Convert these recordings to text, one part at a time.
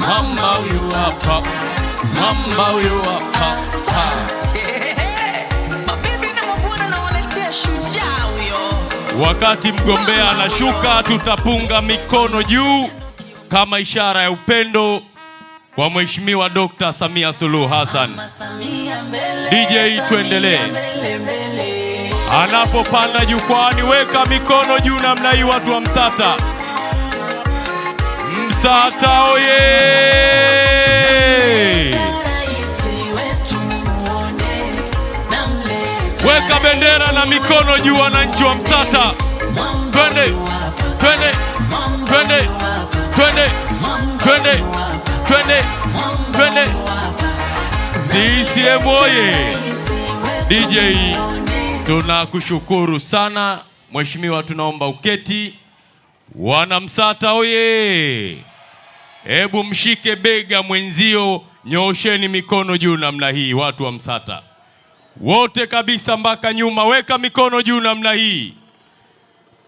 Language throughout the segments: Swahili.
Mamba huyu hapa, mamba huyu hapa Wakati mgombea anashuka, tutapunga mikono juu kama ishara ya upendo wa Mheshimiwa Dr. Samia Suluhu Hassan. DJ, tuendelee. Anapopanda jukwani, weka mikono juu namna hii, watu wa Msata. Lusaka oye! Weka bendera na mikono juu, wananchi wa Msata, twende twende twende twende twende twende twende! CCM oye! DJ, tunakushukuru sana mheshimiwa, tunaomba uketi. Wanamsata oye! Hebu mshike bega mwenzio, nyoosheni mikono juu namna hii, watu wa Msata wote kabisa, mpaka nyuma. Weka mikono juu namna hii,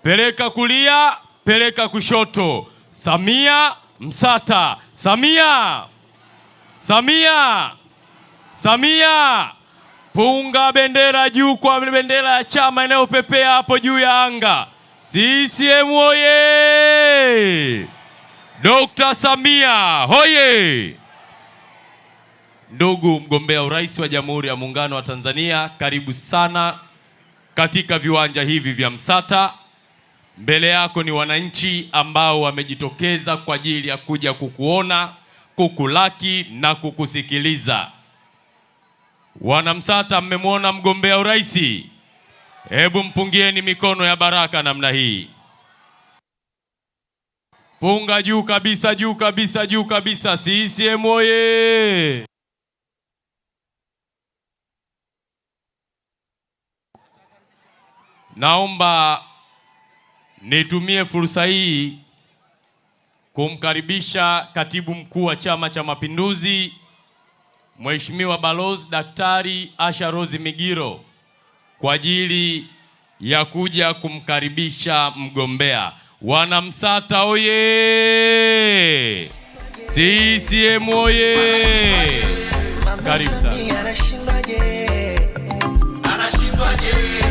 peleka kulia, peleka kushoto. Samia Msata, Samia, Samia, Samia. Punga bendera juu kwa bendera ya chama inayopepea hapo juu ya anga. CCM oye! Dr. Samia hoye! Ndugu mgombea urais wa Jamhuri ya Muungano wa Tanzania, karibu sana katika viwanja hivi vya Msata. Mbele yako ni wananchi ambao wamejitokeza kwa ajili ya kuja kukuona, kukulaki na kukusikiliza. Wanamsata, mmemwona mgombea urais? Hebu mpungieni mikono ya baraka namna hii funga juu kabisa, juu kabisa, juu kabisa. CCM oye! Naomba nitumie fursa hii kumkaribisha katibu mkuu wa Chama cha Mapinduzi Mheshimiwa Balozi Daktari Asha Rose Migiro kwa ajili ya kuja kumkaribisha mgombea. Wanamsata oye! CCM oye! Karibu sana. Anashindwaje? Anashindwaje?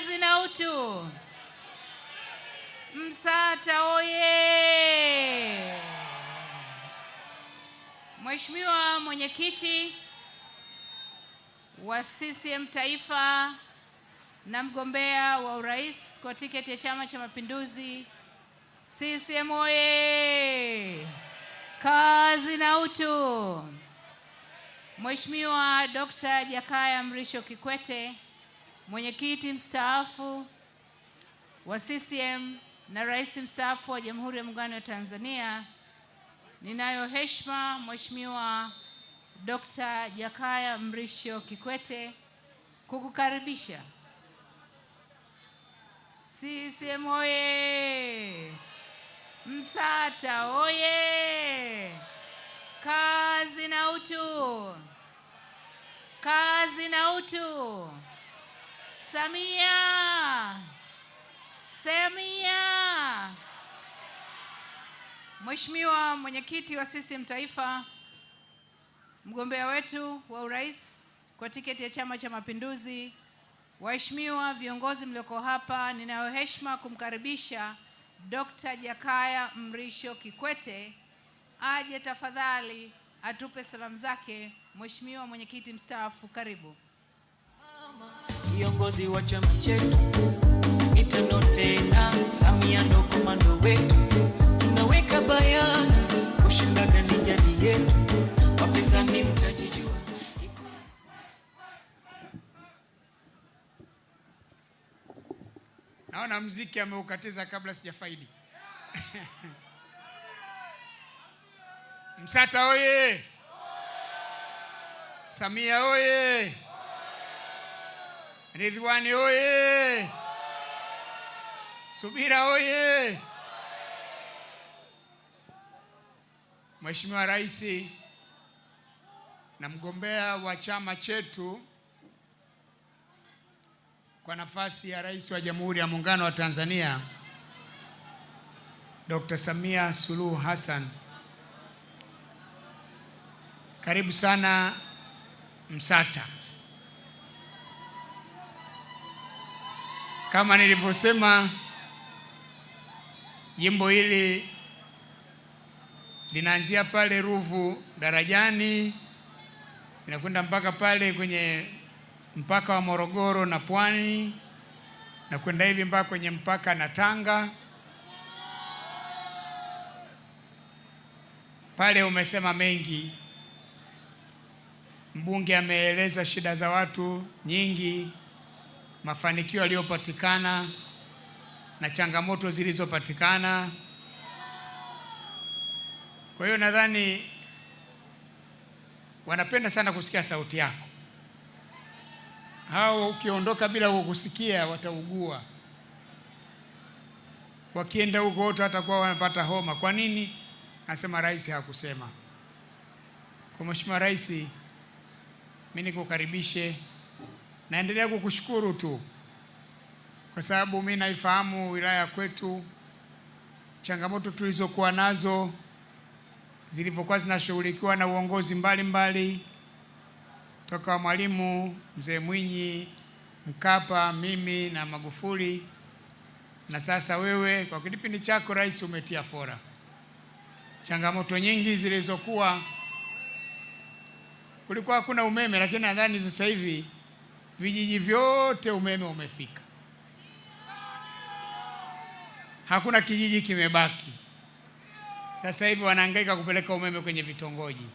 kazi na utu. Msata oye! Mheshimiwa mwenyekiti wa CCM Taifa na mgombea wa urais kwa tiketi ya Chama cha Mapinduzi, CCM oye! Kazi na utu. Mheshimiwa Dkt. Jakaya Mrisho Kikwete mwenyekiti mstaafu wa CCM na rais mstaafu wa Jamhuri ya Muungano wa Tanzania, ninayo heshima Mheshimiwa Dr. Jakaya Mrisho Kikwete kukukaribisha CCM oye! Msata oye! Kazi na utu! Kazi na utu! Samia, Samia. Mheshimiwa mwenyekiti wa CCM Taifa, mgombea wetu wa urais kwa tiketi ya Chama cha Mapinduzi, waheshimiwa viongozi mlioko hapa, ninayo heshima kumkaribisha Dr. Jakaya Mrisho Kikwete aje tafadhali atupe salamu zake. Mheshimiwa mwenyekiti mstaafu, karibu. Kiongozi wa chama chetu mitano tena, Samia ndo komando wetu, tunaweka bayana kushindaga ni jadi yetu, wapinzani mtajijua. Naona mziki ameukatiza kabla sijafaidi. Msata oye! Samia oye! Ridhiwani oye! Subira oye! Mheshimiwa Rais na mgombea wa chama chetu kwa nafasi ya Rais wa Jamhuri ya Muungano wa Tanzania Dr. Samia Suluhu Hassan, karibu sana Msata. Kama nilivyosema, jimbo hili linaanzia pale Ruvu darajani linakwenda mpaka pale kwenye mpaka wa Morogoro na Pwani na kwenda hivi mpaka kwenye mpaka na Tanga. Pale umesema mengi, mbunge ameeleza shida za watu nyingi mafanikio yaliyopatikana na changamoto zilizopatikana. Kwa hiyo nadhani wanapenda sana kusikia sauti yako. Hao ukiondoka bila kukusikia wataugua, wakienda huko wote watakuwa wanapata homa. Kwa nini? Anasema rais hakusema. Kwa Mheshimiwa Rais, mimi nikukaribishe naendelea kukushukuru tu, kwa sababu mimi naifahamu wilaya kwetu, changamoto tulizokuwa nazo zilivyokuwa zinashughulikiwa na uongozi mbalimbali mbali, toka Mwalimu Mzee Mwinyi, Mkapa, mimi na Magufuli, na sasa wewe kwa kipindi chako rais umetia fora. Changamoto nyingi zilizokuwa, kulikuwa hakuna umeme, lakini nadhani sasa hivi vijiji vyote umeme umefika, hakuna kijiji kimebaki. Sasa hivi wanahangaika kupeleka umeme kwenye vitongoji.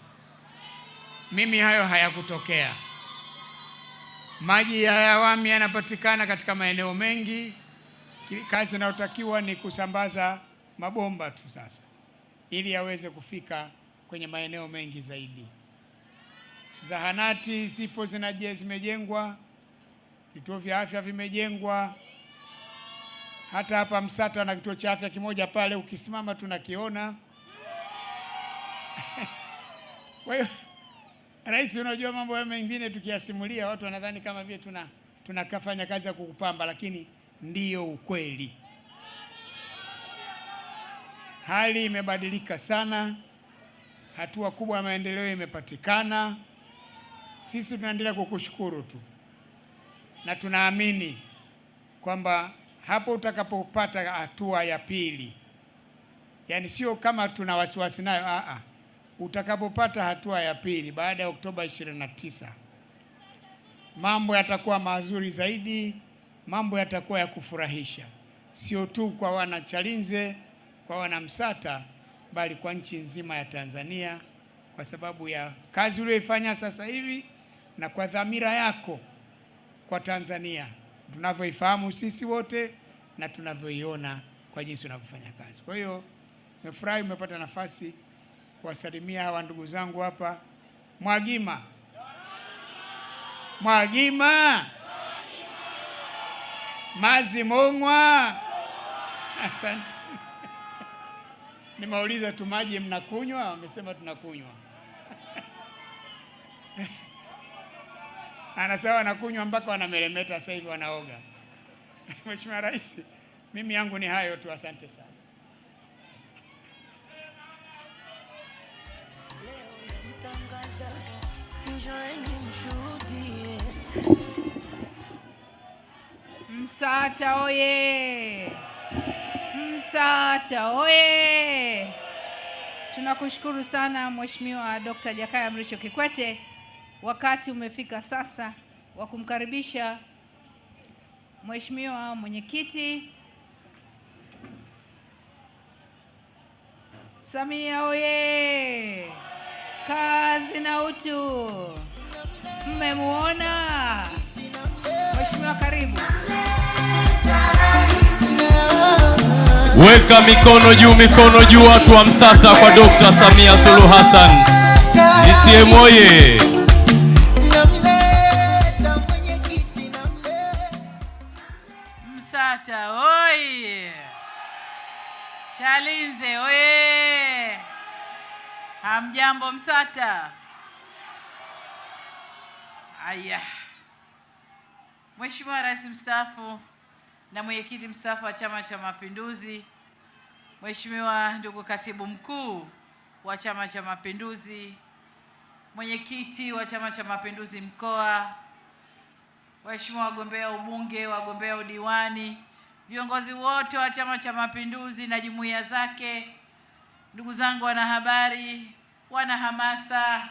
Mimi hayo hayakutokea. Maji ya awami yanapatikana katika maeneo mengi. Kazi inayotakiwa ni kusambaza mabomba tu sasa, ili yaweze kufika kwenye maeneo mengi zaidi. Zahanati zipo zimejengwa vituo vya afya vimejengwa hata hapa Msata na kituo cha afya kimoja pale, ukisimama tunakiona. Kwa hiyo rais, unajua mambo ya mengine tukiyasimulia watu wanadhani kama vile tuna tunakafanya kazi ya kukupamba, lakini ndiyo ukweli. Hali imebadilika sana, hatua kubwa ya maendeleo imepatikana. Sisi tunaendelea kukushukuru tu na tunaamini kwamba hapo utakapopata hatua ya pili, yani sio kama tuna wasiwasi nayo a a, utakapopata hatua ya pili baada ya Oktoba 29 mambo yatakuwa mazuri zaidi, mambo yatakuwa ya kufurahisha, sio tu kwa wana Chalinze, kwa wana Msata, bali kwa nchi nzima ya Tanzania, kwa sababu ya kazi uliyoifanya sasa hivi na kwa dhamira yako kwa Tanzania tunavyoifahamu sisi wote na tunavyoiona kwa jinsi unavyofanya kazi. Kwa hiyo nimefurahi umepata nafasi kuwasalimia hawa ndugu zangu hapa Mwagima. Mwagima Mazimongwa, asante. Nimeuliza tu maji mnakunywa, wamesema tunakunywa. anasema wanakunywa mpaka wanameremeta, sasa hivi wanaoga. Mheshimiwa Rais, mimi yangu ni hayo tu, asante sana. Msata oye! Msata oye! Tunakushukuru sana Mheshimiwa Dr. Jakaya Mrisho Kikwete. Wakati umefika sasa wa kumkaribisha Mheshimiwa Mwenyekiti Samia oye! Kazi na utu, mmemuona Mheshimiwa, karibu. Weka mikono juu, mikono juu, watu wa Msata kwa Dr. Samia Suluhu Hassan. CCM oye! Jambo Msata. Aya, Mheshimiwa Rais mstaafu na mwenyekiti mstaafu wa Chama cha Mapinduzi, Mheshimiwa ndugu katibu mkuu wa Chama cha Mapinduzi, mwenyekiti wa Chama cha Mapinduzi mkoa, waheshimiwa wagombea ubunge, wagombea udiwani, viongozi wote wa Chama cha Mapinduzi na jumuiya zake, ndugu zangu wanahabari wana hamasa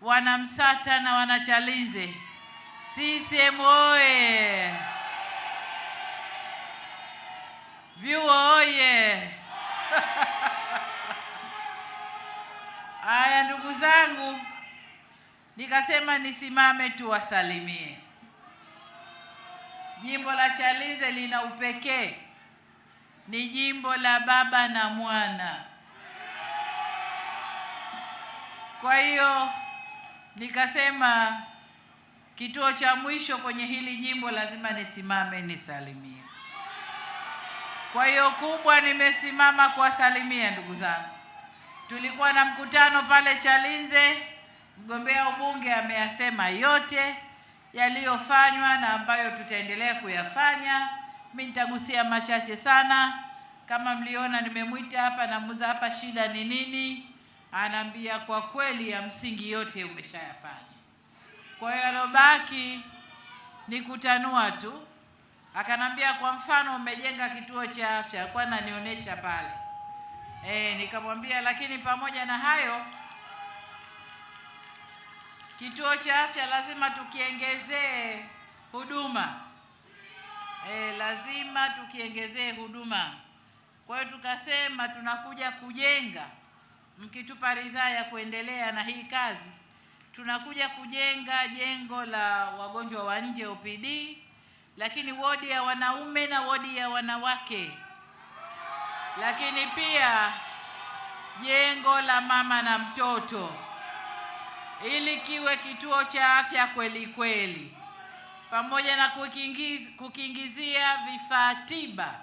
wana msata na wana chalinze CCM oye! Vyuo oye! Haya, ndugu zangu, nikasema nisimame tu wasalimie. Jimbo la Chalinze lina upekee, ni jimbo la baba na mwana. Kwa hiyo nikasema kituo cha mwisho kwenye hili jimbo lazima nisimame nisalimie. Kwa hiyo kubwa, nimesimama kuwasalimia ndugu zangu. Tulikuwa na mkutano pale Chalinze, mgombea ubunge ameyasema yote yaliyofanywa na ambayo tutaendelea kuyafanya. Mimi nitagusia machache sana. Kama mliona, nimemwita hapa, namuuza hapa, shida ni nini? anaambia kwa kweli ya msingi yote umeshayafanya. Kwa hiyo alobaki ni kutanua tu. Akanambia kwa mfano, umejenga kituo cha afya, kwa nanionyesha pale e, nikamwambia lakini pamoja na hayo kituo cha afya lazima tukiongezee huduma e, lazima tukiongezee huduma. Kwa hiyo tukasema tunakuja kujenga mkitupa ridhaa ya kuendelea na hii kazi, tunakuja kujenga jengo la wagonjwa wa nje OPD, lakini wodi ya wanaume na wodi ya wanawake, lakini pia jengo la mama na mtoto, ili kiwe kituo cha afya kweli kweli, pamoja na kukingizia vifaa tiba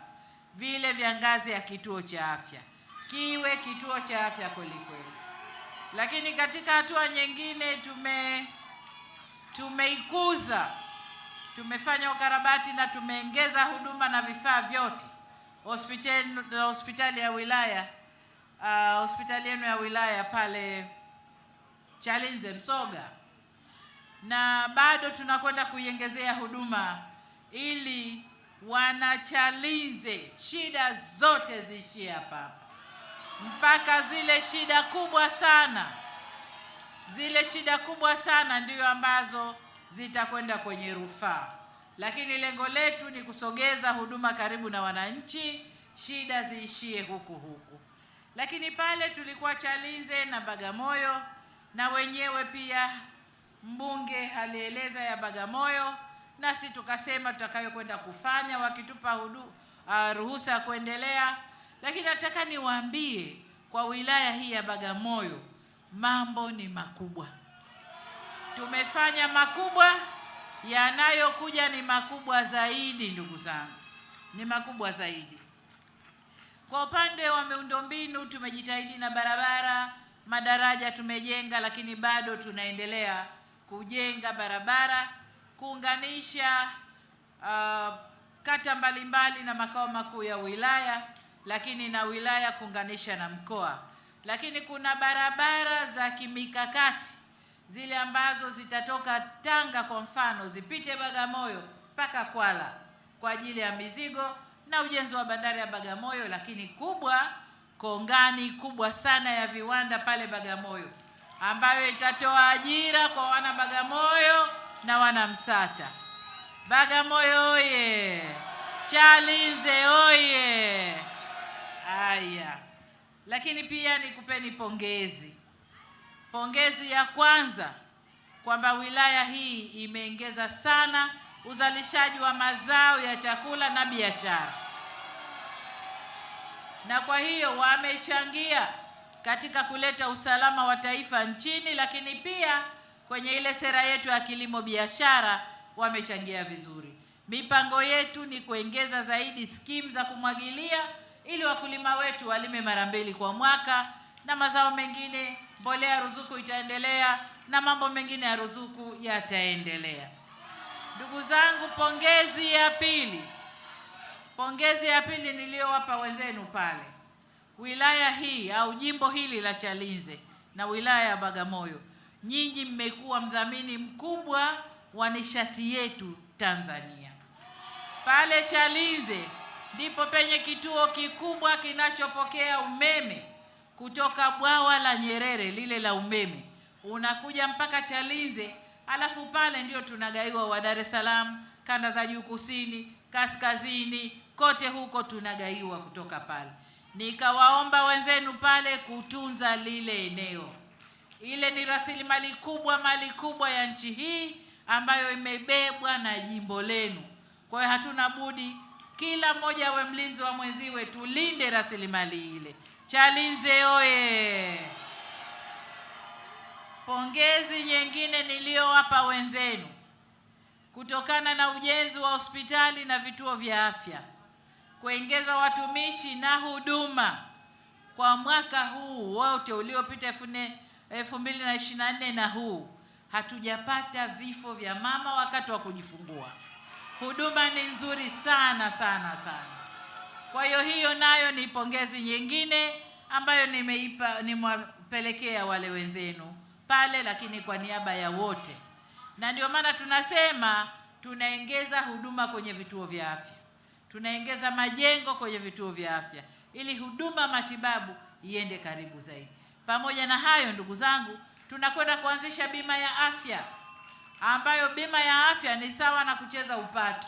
vile vya ngazi ya kituo cha afya kiwe kituo cha afya kweli kweli. Lakini katika hatua nyingine tume tumeikuza, tumefanya ukarabati na tumeongeza huduma na vifaa vyote hospitali hospitali ya wilaya uh, hospitali yenu ya wilaya pale Chalinze Msoga, na bado tunakwenda kuiongezea huduma ili wanachalinze shida zote ziishie hapa mpaka zile shida kubwa sana, zile shida kubwa sana ndiyo ambazo zitakwenda kwenye rufaa. Lakini lengo letu ni kusogeza huduma karibu na wananchi, shida ziishie huku huku. Lakini pale tulikuwa Chalinze na Bagamoyo, na wenyewe pia mbunge alieleza ya Bagamoyo, nasi tukasema tutakayokwenda kufanya wakitupa hudu, uh, ruhusa ya kuendelea lakini nataka niwaambie kwa wilaya hii ya Bagamoyo mambo ni makubwa, tumefanya makubwa, yanayokuja ni makubwa zaidi. Ndugu zangu, ni makubwa zaidi. Kwa upande wa miundombinu tumejitahidi na barabara, madaraja tumejenga, lakini bado tunaendelea kujenga barabara kuunganisha uh, kata mbalimbali na makao makuu ya wilaya lakini na wilaya kuunganisha na mkoa. Lakini kuna barabara za kimikakati zile ambazo zitatoka Tanga kwa mfano zipite Bagamoyo mpaka Kwala kwa ajili ya mizigo na ujenzi wa bandari ya Bagamoyo, lakini kubwa kongani kubwa sana ya viwanda pale Bagamoyo ambayo itatoa ajira kwa wana Bagamoyo na wana Msata. Bagamoyo oye! Chalinze oye! Haya, lakini pia nikupeni pongezi. Pongezi ya kwanza kwamba wilaya hii imeongeza sana uzalishaji wa mazao ya chakula na biashara, na kwa hiyo wamechangia katika kuleta usalama wa taifa nchini, lakini pia kwenye ile sera yetu ya kilimo biashara wamechangia vizuri. Mipango yetu ni kuongeza zaidi skimu za kumwagilia ili wakulima wetu walime mara mbili kwa mwaka na mazao mengine, mbolea ya ruzuku itaendelea na mambo mengine ya ruzuku yataendelea. Ndugu zangu, pongezi ya pili, pongezi ya pili niliyowapa wenzenu pale wilaya hii au jimbo hili la Chalinze na wilaya ya Bagamoyo, nyinyi mmekuwa mdhamini mkubwa wa nishati yetu Tanzania. Pale Chalinze ndipo penye kituo kikubwa kinachopokea umeme kutoka bwawa la Nyerere lile la umeme, unakuja mpaka Chalinze, alafu pale ndio tunagaiwa wa Dar es Salaam, kanda za juu kusini, kaskazini, kote huko tunagaiwa kutoka pale. Nikawaomba wenzenu pale kutunza lile eneo, ile ni rasilimali kubwa, mali kubwa ya nchi hii ambayo imebebwa na jimbo lenu. Kwa hiyo hatuna budi kila mmoja awe mlinzi wa mwenziwe, tulinde rasilimali ile. Chalinze oye! Pongezi nyingine niliyowapa wenzenu kutokana na ujenzi wa hospitali na vituo vya afya, kuongeza watumishi na huduma kwa mwaka huu wote uliopita 2024 na huu hatujapata vifo vya mama wakati wa kujifungua huduma ni nzuri sana sana sana. Kwa hiyo hiyo nayo ni pongezi nyingine ambayo nimeipa nimewapelekea wale wenzenu pale, lakini kwa niaba ya wote, na ndio maana tunasema tunaongeza huduma kwenye vituo vya afya, tunaongeza majengo kwenye vituo vya afya ili huduma matibabu iende karibu zaidi. Pamoja na hayo, ndugu zangu, tunakwenda kuanzisha bima ya afya ambayo bima ya afya ni sawa na kucheza upato.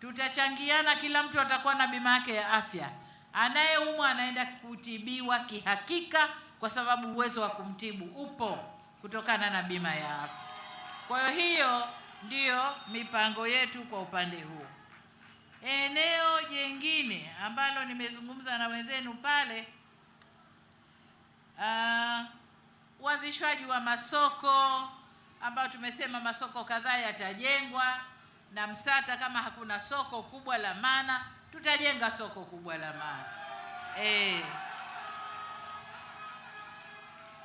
Tutachangiana, kila mtu atakuwa na bima yake ya afya. Anayeumwa anaenda kutibiwa kihakika, kwa sababu uwezo wa kumtibu upo kutokana na bima ya afya. Kwa hiyo ndiyo mipango yetu kwa upande huo. Eneo jengine ambalo nimezungumza na wenzenu pale, ah, uanzishwaji wa masoko ambayo tumesema masoko kadhaa yatajengwa na Msata, kama hakuna soko kubwa la maana, tutajenga soko kubwa la maana e.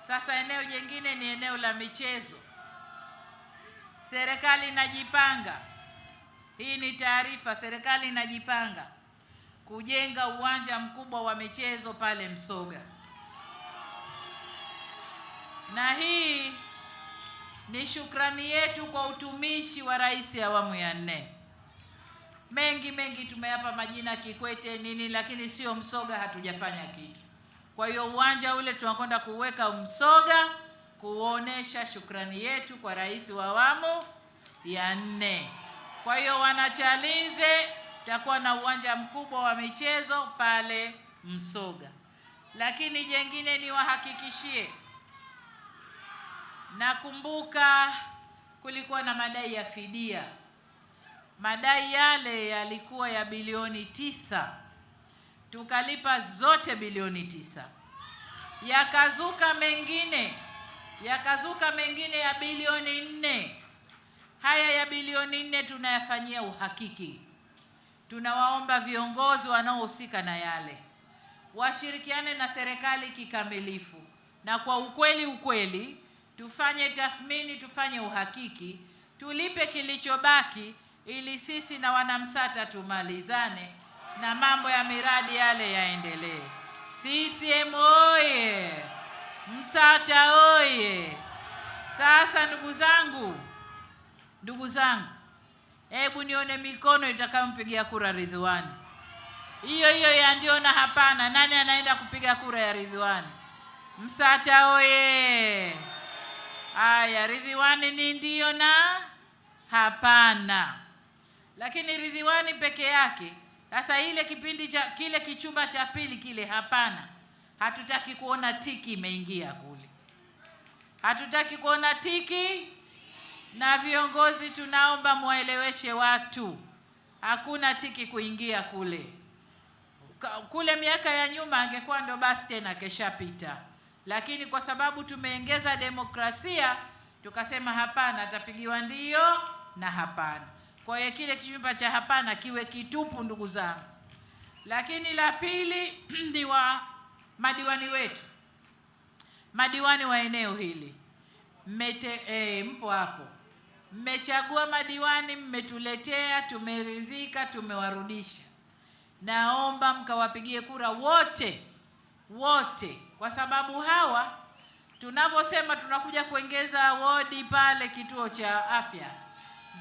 Sasa eneo jingine ni eneo la michezo. Serikali inajipanga, hii ni taarifa. Serikali inajipanga kujenga uwanja mkubwa wa michezo pale Msoga na hii ni shukrani yetu kwa utumishi wa rais awamu ya nne. Mengi mengi tumeyapa majina Kikwete nini, lakini sio Msoga, hatujafanya kitu. Kwa hiyo uwanja ule tunakwenda kuweka Msoga kuonesha shukrani yetu kwa rais wa awamu ya nne. Kwa hiyo wanachalinze, tutakuwa na uwanja mkubwa wa michezo pale Msoga, lakini jengine niwahakikishie Nakumbuka kulikuwa na madai ya fidia. Madai yale yalikuwa ya bilioni tisa, tukalipa zote bilioni tisa. Yakazuka mengine, yakazuka mengine ya bilioni nne. Haya ya bilioni nne tunayafanyia uhakiki. Tunawaomba viongozi wanaohusika na yale washirikiane na serikali kikamilifu na kwa ukweli ukweli tufanye tathmini, tufanye uhakiki, tulipe kilichobaki, ili sisi na wanamsata tumalizane na mambo ya miradi yale yaendelee. CCM oye! Msata oye! Sasa ndugu zangu, ndugu zangu, hebu nione mikono itakayompigia kura Ridhiwani. Hiyo hiyo ya ndio na hapana. Nani anaenda kupiga kura ya Ridhiwani? Msata oye! Haya, ridhiwani ni ndio na hapana. Lakini ridhiwani peke yake, sasa ile kipindi cha kile kichumba cha pili kile, hapana, hatutaki kuona tiki imeingia kule, hatutaki kuona tiki. Na viongozi, tunaomba muwaeleweshe watu, hakuna tiki kuingia kule. Kule miaka ya nyuma angekuwa ndo basi tena keshapita lakini kwa sababu tumeongeza demokrasia tukasema hapana, atapigiwa ndio na hapana. Kwa hiyo kile kichumba cha hapana kiwe kitupu, ndugu zangu. Lakini la pili ni wa madiwani wetu, madiwani wa eneo hili mete, eh, mpo hapo, mmechagua madiwani, mmetuletea, tumeridhika, tumewarudisha. Naomba mkawapigie kura wote wote kwa sababu hawa tunavyosema tunakuja kuongeza wodi pale kituo cha afya,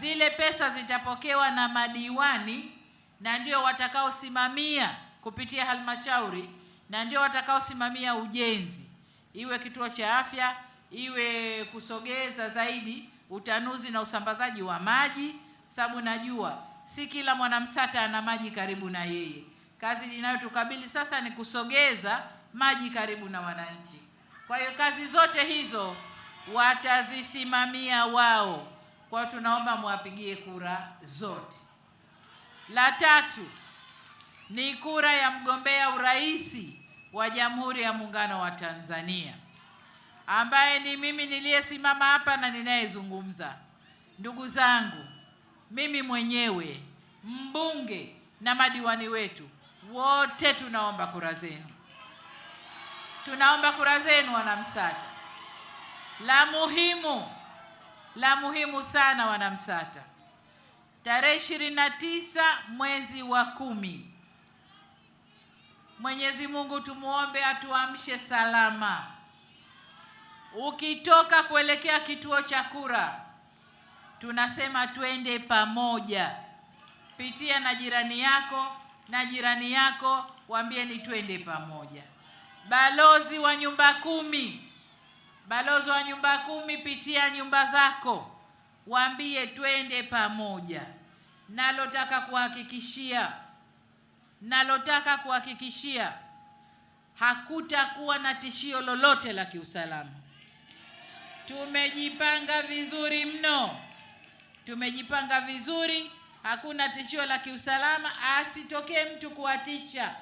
zile pesa zitapokewa na madiwani na ndio watakaosimamia kupitia halmashauri na ndio watakaosimamia ujenzi, iwe kituo cha afya, iwe kusogeza zaidi utanuzi na usambazaji wa maji, sababu najua si kila mwanamsata ana maji karibu na yeye. Kazi inayotukabili sasa ni kusogeza maji karibu na wananchi. Kwa hiyo kazi zote hizo watazisimamia wao, kwa tunaomba mwapigie kura zote. La tatu ni kura ya mgombea urais wa Jamhuri ya Muungano wa Tanzania ambaye ni mimi niliyesimama hapa na ninayezungumza. Ndugu zangu, mimi mwenyewe, mbunge na madiwani wetu wote tunaomba kura zenu. Tunaomba kura zenu wanamsata. La muhimu, la muhimu sana wanamsata, tarehe ishirini na tisa mwezi wa kumi, Mwenyezi Mungu tumuombe atuamshe salama. Ukitoka kuelekea kituo cha kura, tunasema twende pamoja. Pitia na jirani yako na jirani yako, waambie ni twende pamoja balozi wa nyumba kumi, balozi wa nyumba kumi, pitia nyumba zako, waambie twende pamoja. Nalotaka kuhakikishia, nalotaka kuhakikishia, hakutakuwa na tishio lolote la kiusalama. Tumejipanga vizuri mno, tumejipanga vizuri, hakuna tishio la kiusalama. Asitokee mtu kuwatisha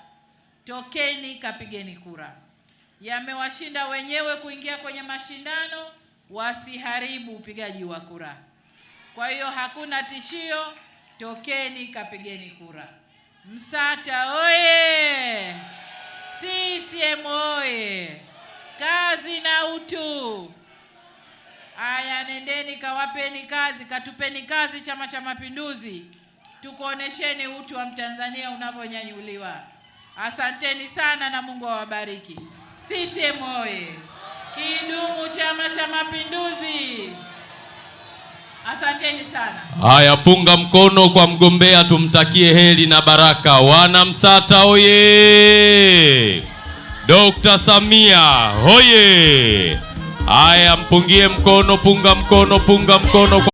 tokeni kapigeni kura. Yamewashinda wenyewe kuingia kwenye mashindano, wasiharibu upigaji wa kura. Kwa hiyo hakuna tishio, tokeni kapigeni kura. Msata oye! CCM oye! Kazi na utu. Aya, nendeni kawapeni kazi, katupeni kazi Chama cha Mapinduzi, tukuonesheni utu wa Mtanzania unavyonyanyuliwa. Asanteni sana na Mungu awabariki. CCM oye! Kidumu Chama cha Mapinduzi! Asanteni sana. Haya, punga mkono kwa mgombea, tumtakie heri na baraka. Wana Msata oye Dr. Samia hoye! Haya, mpungie mkono, punga mkono, punga mkono.